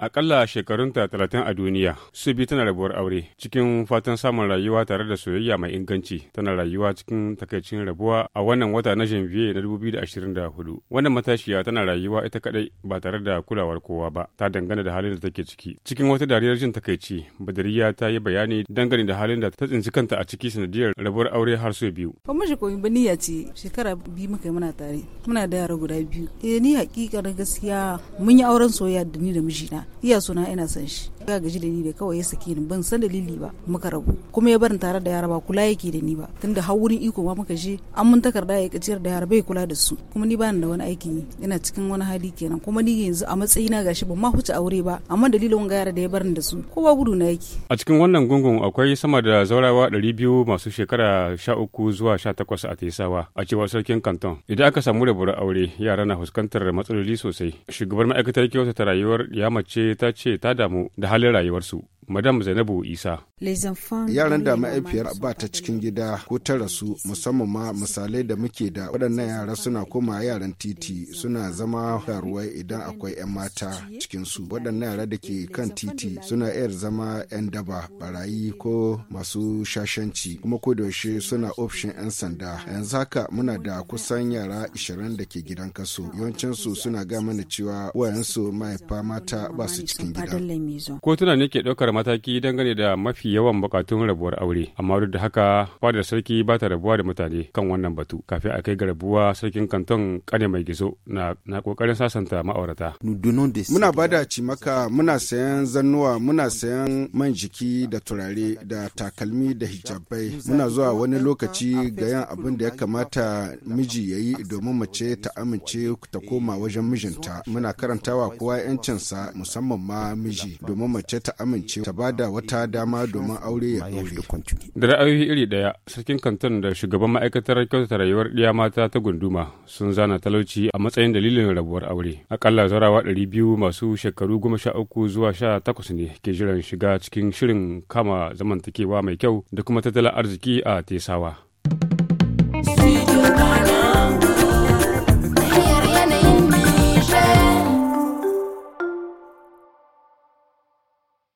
Akalla shekarunta talatin a duniya, su bi tana rabuwar aure cikin fatan samun rayuwa tare da soyayya mai inganci tana rayuwa cikin takaicin rabuwa a wannan wata na janvier na 2024. Wannan matashiya tana rayuwa ita kadai ba tare da kulawar kowa ba, ta dangane da halin da take ciki. Cikin wata dariyar jin takaici, Badariya ta yi bayani dangane da halin da ta tsinci kanta a ciki sanadiyar rabuwar aure har so biyu. Ba mu koyi ba niyya ce shekara biyu muka muna tare, muna da yara guda biyu. Eh ni hakika na gaskiya mun yi auren soyayya da ni da mijina. iya suna ina son shi ya gaji da ni da kawai ya sake ni ban san dalili ba muka rabu kuma ya barin tare da yara ba kula yake da ni ba tunda har wurin iko ma muka je an mun takarda ya kaciyar da yara bai kula da su kuma ni bani da wani aikin yi ina cikin wani hali kenan kuma ni yanzu a matsayina gashi ban ma huce aure ba amma dalilin wanga yara da ya ni da su ko ba gudu na yake a cikin wannan gungun akwai sama da zaurawa biyu masu shekara sha uku zuwa sha takwas a Tesawa a cewar sarkin Kanton idan aka samu da rabuwar aure yara na fuskantar matsaloli sosai shugabar ma'aikatar ta rayuwar ya mace ta ce ta damu da Allerede i år så madam zainabu isa yaran da ma'aifiyar ba ta cikin gida ko ta rasu musamman ma misalai da muke da waɗannan yara suna koma yaran titi suna zama faruwa idan akwai 'yan mata cikinsu waɗannan yara da ke kan titi suna iya zama 'yan daba barayi ko masu shashanci kuma ko da yaushe suna ofishin 'yan sanda yanzu haka muna da kusan yara 20 da ke gidan kaso yawancinsu suna ga mana cewa wayansu mahaifa mata ba su cikin gida ko ke ɗaukar mataki dangane da mafi yawan bukatun rabuwar aure amma duk da haka fadar sarki ba ta rabuwa da mutane kan wannan batu kafin a kai ga rabuwa sarkin kanton kane mai gizo na na kokarin sasanta ma'aurata muna bada cimaka muna sayan zannuwa muna sayan man jiki da turare da takalmi da hijabai muna zuwa wani lokaci ga yan abin da ya kamata miji ya yi domin mace ta amince ta koma wajen mijinta muna karantawa kowa yancinsa musamman ma miji domin mace ta amince ta ba da wata dama domin aure ya aure. Da ra'ayoyi iri ɗaya, sarkin kantin da shugaban ma'aikatar kyautata rayuwar ɗiya mata ta gunduma sun zana talauci a matsayin dalilin rabuwar aure. Akalla zarawa ɗari biyu masu shekaru goma sha uku zuwa sha takwas ne ke jiran shiga cikin shirin kama zamantakewa mai kyau da kuma tattalin arziki a Tesawa.